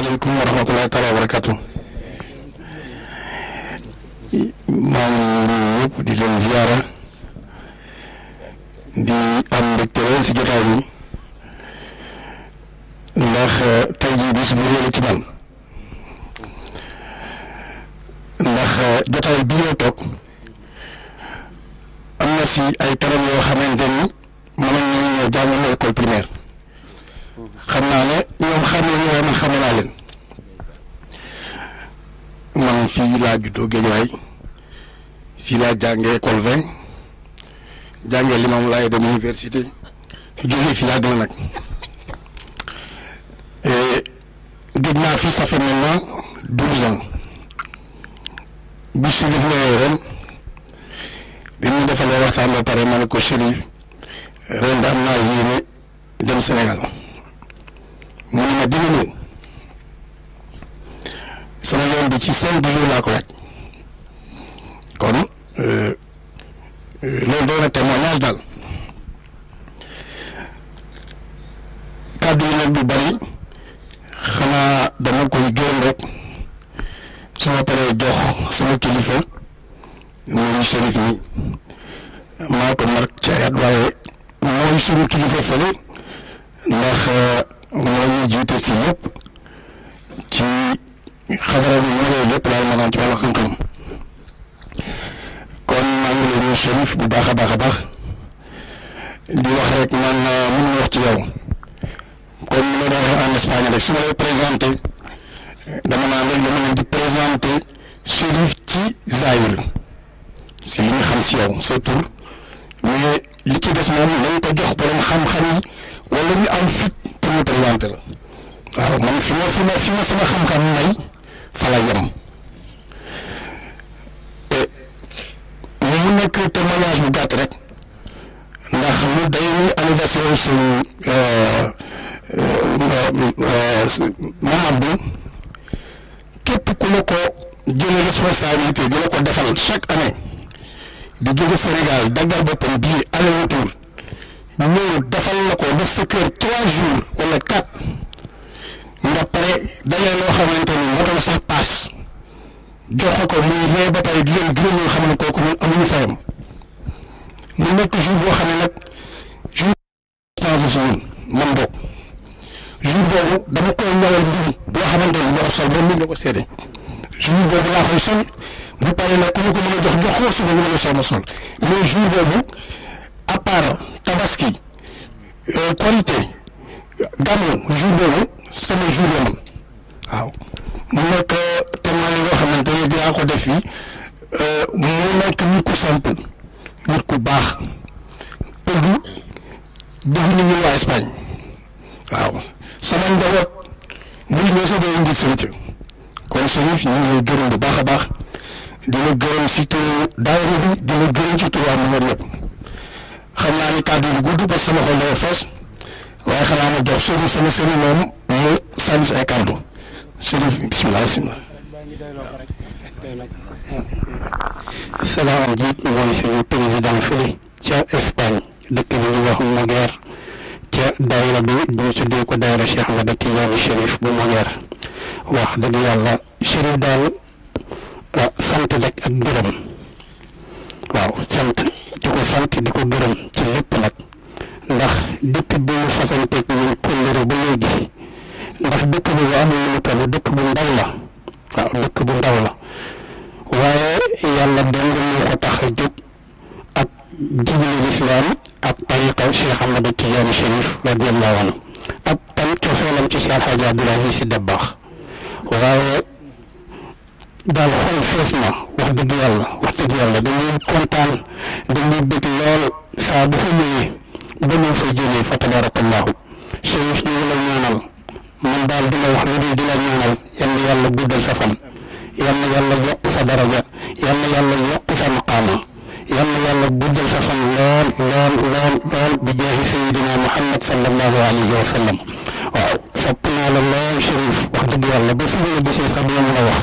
asalaamaaleykum wa rahmatulahi taala maa ngi nuyu ñëpp di leen ziara di am mbégte lool si jotaay bi ndax eh, tey jii bis bu rëy la ci man ndax eh, jotaay bii ñoo toog am na si ay kanam yoo xamante ni mënoon nañu ñoo jàngal école primaire. xam naa ne ñoom xam nañu waaye man xam naa leen man fii laa juddoo Géejawaay fii laa jàngee école vingt jàngee Limaamu Laay dem université jógee fii laa gën nag gëj naa fi ça fait maintenant douze ans bu Chérif ñëwee ren bi mu defalee waxtaan ba pare ma ko Chérif ren da naa yéene dem Sénégal ne dina ñëw sama yoon bi ci cinq laa ko laaj kon euh, euh, loolu doon na témoignage daal kàddu yi nag du bari xanaa dama koy gërëm rek su ma paree jox sama kilifa mooy Chérif mi maa ko mar ci ayat waaye mooy sunu kilifa fële ndax. Euh, moo ñu jiite si lépp ci xadara bi ñu lépp daal maanaam ci wàllu xam kon maa ngi leen di Cherif bu baax a baax a baax di wax rek man euh, mun wax ci yow comme ni ma doon waxee rek présenté dama naan rek dama leen di présenté Cherif ci Zaïre si li ñu xam si yow sa tur mais li ci des moom nañ ko jox borom xam-xam yi wala ñu am fit. pour mu présenté la waaw man fi ma fi ma fi ma sama xam-xam may fa la yem mu nekk témoignage bu gàtt rek ndax lu day ni anniversaire sëñ euh, euh, Maam Abdou euh, képp ku la ko jëlee responsabilité di la ko defal chaque année di jóge Sénégal daggal boppam bii aller-retour loolu defal la ko def sa kër trois jours wala quatre nga pare dajee loo xamante ni moo tax sax paas jox ko muy ree ba pare di leen gërëm nga xam ne kooku moom amuñu fayam mu nekk jour boo xam ne nag jour man boog jour boobu dama koy ñawal mbir boo xamante ni moo sol ba mën na ko seede jour boobu laa koy sol bu paree nag ku ma ko mën a jox jox ko suba ñu mën a sol ma sol mais jour boobu. ski korité gàmmu jour boobu sama jour la waaw mu nekk euh, témoin yoo xamante ne dinaa ko def fii euh, mu nekk nit ku simple nit ku baax pëggu dugg ni ñëw waa Espagne waaw sama njaboot buñ ñëw sax day indi sëriñ kon sëriñ ñu ngi lay gërëm bu baax a baax di la gërëm surtout daayira bi di la gërëm ci tubaab bi nga yëpp xam naa ni kàddu yu gudd parce que sama xol dafa fees waaye xanaa ma jox sëriñ sama sëriñ moom mu sànni si ay kàddu sëriñ jiit mooy suñu président fële ca Espagne dëkk bi ñu wax Moguer ca daayira bi ñu tuddee ko daayira Cheikh Ahmada Tidiane Chérif bu Moguer wax dëgg yàlla Chérif daal ah, sant rek ak gërëm. waaw sant di ko sant di ko gërëm ci lépp nag ndax dëkk bi mu fasanteeg ñun kóllëre ba léegi ndax dëkk bi bu amul lu mu toll dëkk bu ndaw la waaw dëkk bu ndaw la waaye yàlla dong moo ko tax a jóg ak jigéenu lislaam ak tariqa Cheikh Ahmadu Tidiane Chérif radiyallahu anhu ak tam cofeelam ci Cheikh Hadji Abdoulaye Sy Dabakh waaye daal xol fees na wax dëgg yàlla wax dëgg yàlla dañuy kontaan dañuy bëgg lool saa bu fa ñëwee ba ñoo fa jëlee fa tabaarakallaahu Chérif ñu la ñaanal man daal di la wax lu di la ñaanal yal yàlla guddal sa fan yal na yàlla yokk sa daraja yal na yàlla yokk sa maqaama yal na yàlla guddal sa fan lool lool lool lool bi Muhammad sallallahu alayhi wa sallam la lool Chérif wax dëgg yàlla ba la gisee dina mën a wax.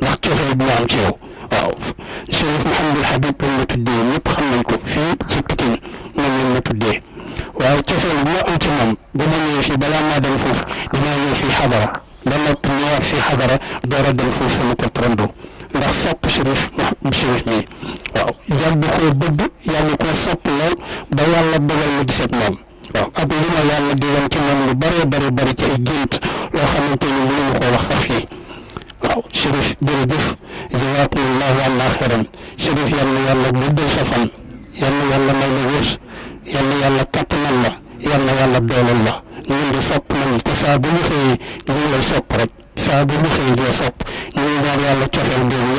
ndax cofeel bi mu am ci yow waaw Chérif Mouhamadul Habib lañ la tuddee ñëpp xam nañ ko fii ci Pikine moom lañ la tuddee waaye cofeel bi am ci moom ba ma ñëwee ba noppi ñëwaat fii a dem foofu sama kër Trondou ndax sopp Chérif Chérif mi waaw yàgg koo bëgg yàgg koo sopp lool ba yàlla dogal ma gisat moom waaw ak li ma yàlla di wan ci moom lu bëree bëri bëri ci gént loo xamante ni mënu koo wax sax fii waaw Chérif jërëjëf jazaakumullaahu anna xayran Chérif yal na yàlla guddal sa fan yal na yàlla may la wér yal na yàlla kattanal la yal na yàlla dooleel la ñun di sopp nañ te saa bu ñu xëyee ñu ngi lay sopp rek saa bu ñu xëyee doo sopp ñu ngi ñaan yàlla cofeel boobu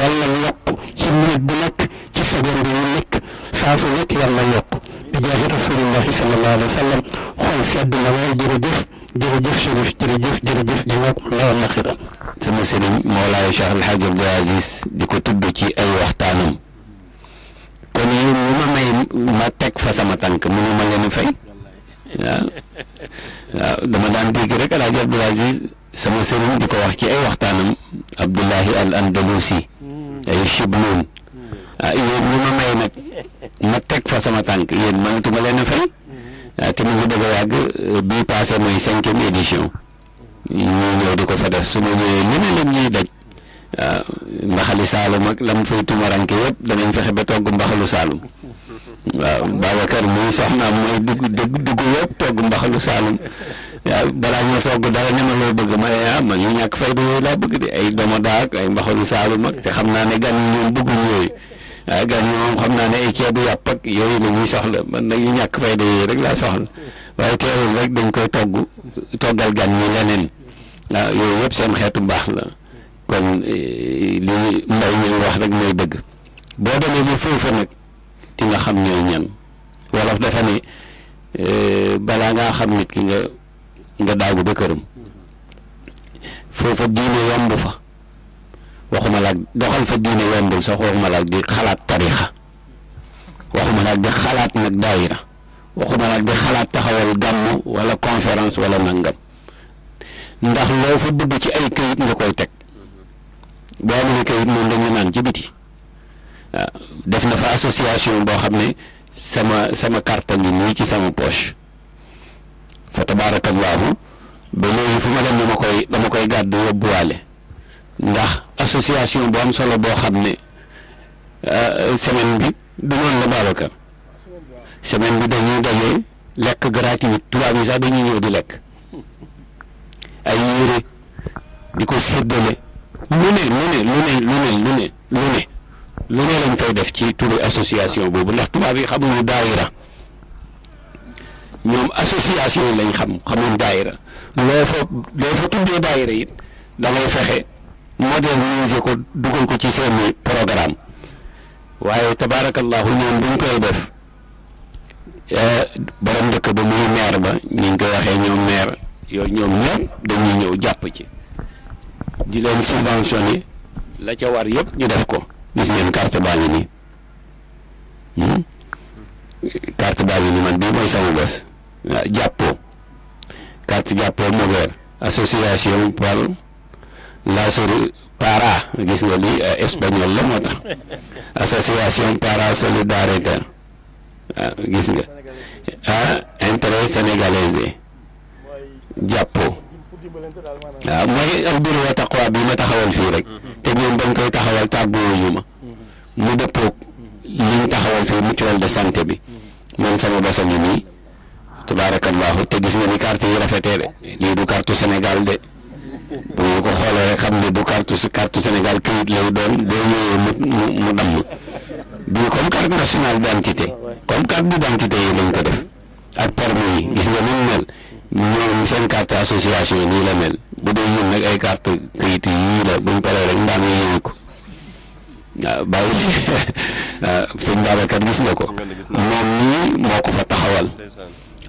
yàlla yàlla yokk ci minute bu nekk ci seconde yu nekk saa su nekk yàlla yokk bi jaahi rasulillahi sallallahu alayhi wa sallam xool sedd na waaye jërëjëf jërëjëf Chérif jërëjëf jërëjëf jazaakumullaahu anna xayran sama sëriñ Mawlaay Cheikh El Hadj Abdou Aziz di ko tudd ci ay waxtaanam kon yow mu ma may ma teg fa sama tànk mënu ma leen fay waaw waaw dama daan dégg rek El Hadj Aziz sama sëriñ di ko wax ci ay waxtaanam Abdullahi al Andalusi ay Chibnoun ah yéen ma may nag ma teg fa sama tànk yéen mënatuma leen a fay ah, te mu ngi bëgg yàgg bii passé mooy cinquième édition. ñoo ñëw di ko fa def su ma ñëwee ñu ne leen ñuy daj waaw mbaxali saalum ak lam fay tumaranke yëpp danañ fexe ba togg mbaxalu saalum waaw Babacar muy soxnaam mooy dugg dugg dugg yëpp togg mbaxalu saalum waaw balaa ñoo togg dara ne ma loo bëgg ma ah man ñu ñàkk fayda yooyu laa bëgg de ay domoda ak ay mbaxalu saalum ak te xam naa ne gan yi ñoom bëgguñ yooyu ah gars yi xam naa ne ay ceebu yàpp ak yooyu la soxla man na ñu ñàkk fayda yooyu rek laa soxla waaye teewul rek dañ koy togg toggal gan ñi leneen waaw ah, yooyu yëpp seen xeetu baax la kon eh, li mbay mi wax rek mooy dëgg boo demee ba foofa nag di nga xam ñooy ñan wolof dafa ne eh, balaa ngaa xam nit ki nga nga daagu ba këram foofa diine yomb fa. waxuma laag doxal fa diine yombul sax waxuma laag di xalaat tarixa waxuma laag di xalaat nag daayira waxuma laag di xalaat taxawal gàmm wala conférence wala nangam ndax loo fa bëgg ci ay kayit nga koy teg boo amee kayit moom dañuy naan ci biti ah, def na fa association boo xam ne sama sama carte ngi nii ci sama poche fa tabaarakallaahu ba léegi fu ma dem dama koy dama koy gàddu yóbbuwaale ndax association bu am solo boo xam ne euh, semaine bi du noonu la Babacar semaine bi dañuy daje lekk gratuit tubaab yi sax dañuy ñëw di lekk ay yére di ko séddale lu ne lu ne lu ne lu ne lu ne lu ne lañ fay def ci turu association boobu ndax tubaab yi xamuñu daayira ñoom association lañ xam xamuñ daayira loo fa loo fa tuddee daayira it da fexe. moderniser ko dugal ko ci seeni programme waaye tabaarakallaahu ñoom duñ koy def eh, borom dëkk ba muy meer ba ñu ngi koy waxee ñoom meer yooyu ñoom ñëpp dañuy ñëw jàpp ci di leen subventionné la ca war yëpp ñu def ko gis ngeen carte baa ngi nii hmm? carte baa ngi nii man bii mooy sama bés jàppoo carte jàppoo Moguer association par Lasuri para gis nga ni euh, espagnol la moo tax association para solidarité ah, gis nga ah intérêt jàppoo waaw ah, mooy al birru wa taqwa bi ma taxawal fii rek te ñoom bañ koy taxawal tàgguwuñu ma mu dëppoog liñ taxawal fii mutuelle de santé bi man sama basa ngi nii tabaarakallahu te gis nga ni carte yi rafetee de lii du carte Sénégal de bu ñu ko xoolee rek xam ne du carte si carte Sénégal këyit lay doon boo ñëwee mu mu damm bii comme carte nationale d'identité comme carte d'identité yi lañ ko def ak permis yi gis nga ni mel ñoom seen carte association yi nii la mel bu dee ñun nag ay carte këyit yii la buñ paree rek ndaan yi ñëw ko waaw bàyyi sëñ Babacar gis nga ko moom nii moo ko fa taxawal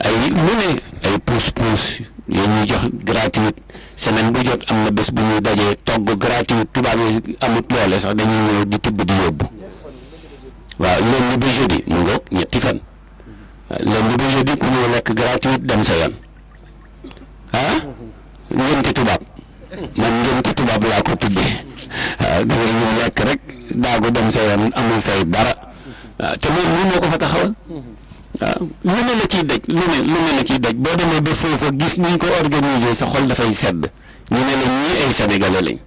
ay mu ne ay pousse pousse yoo jox gratuite semaine bu jot am na bés bu ñuy dajee togg gratuit tubaab yi amut loole sax dañuy ñëw di tibb di yóbbu waaw lundi ba jeudi mu ngoog ñetti fan lundi ba jeudi ku ñëw lekk gratuit dem sa yoon ah ngénte tubaab man ngénte tubaab laa ko tuddee waaw dangay ñëw lekk rek daagu dem sa yoon amul fay dara te moom mii moo ko fa taxawal. waaw lu ne la ciy daj lu ne lu ne la ciy daj boo demee ba foofa gis niñ ko organiser sa xol dafay sedd ñu ne la ñii ay sénégalais lañ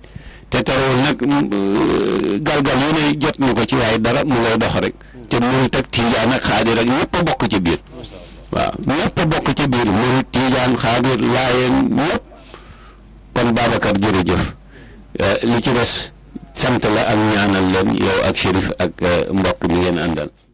te terewul nag mm, euh, galgal yu ne jot na ko ci waaye dara mu ngay dox rek te murit ak tiijaan ak xaadir bokk ci biir waaw bokk ci biir murit tiijaan xaadir laayeen ñëpp kon Babacar jërëjëf euh, li ci des sant la ak ñaanal leen yow ak Chérif ak euh, mbokk mi ngeen àndal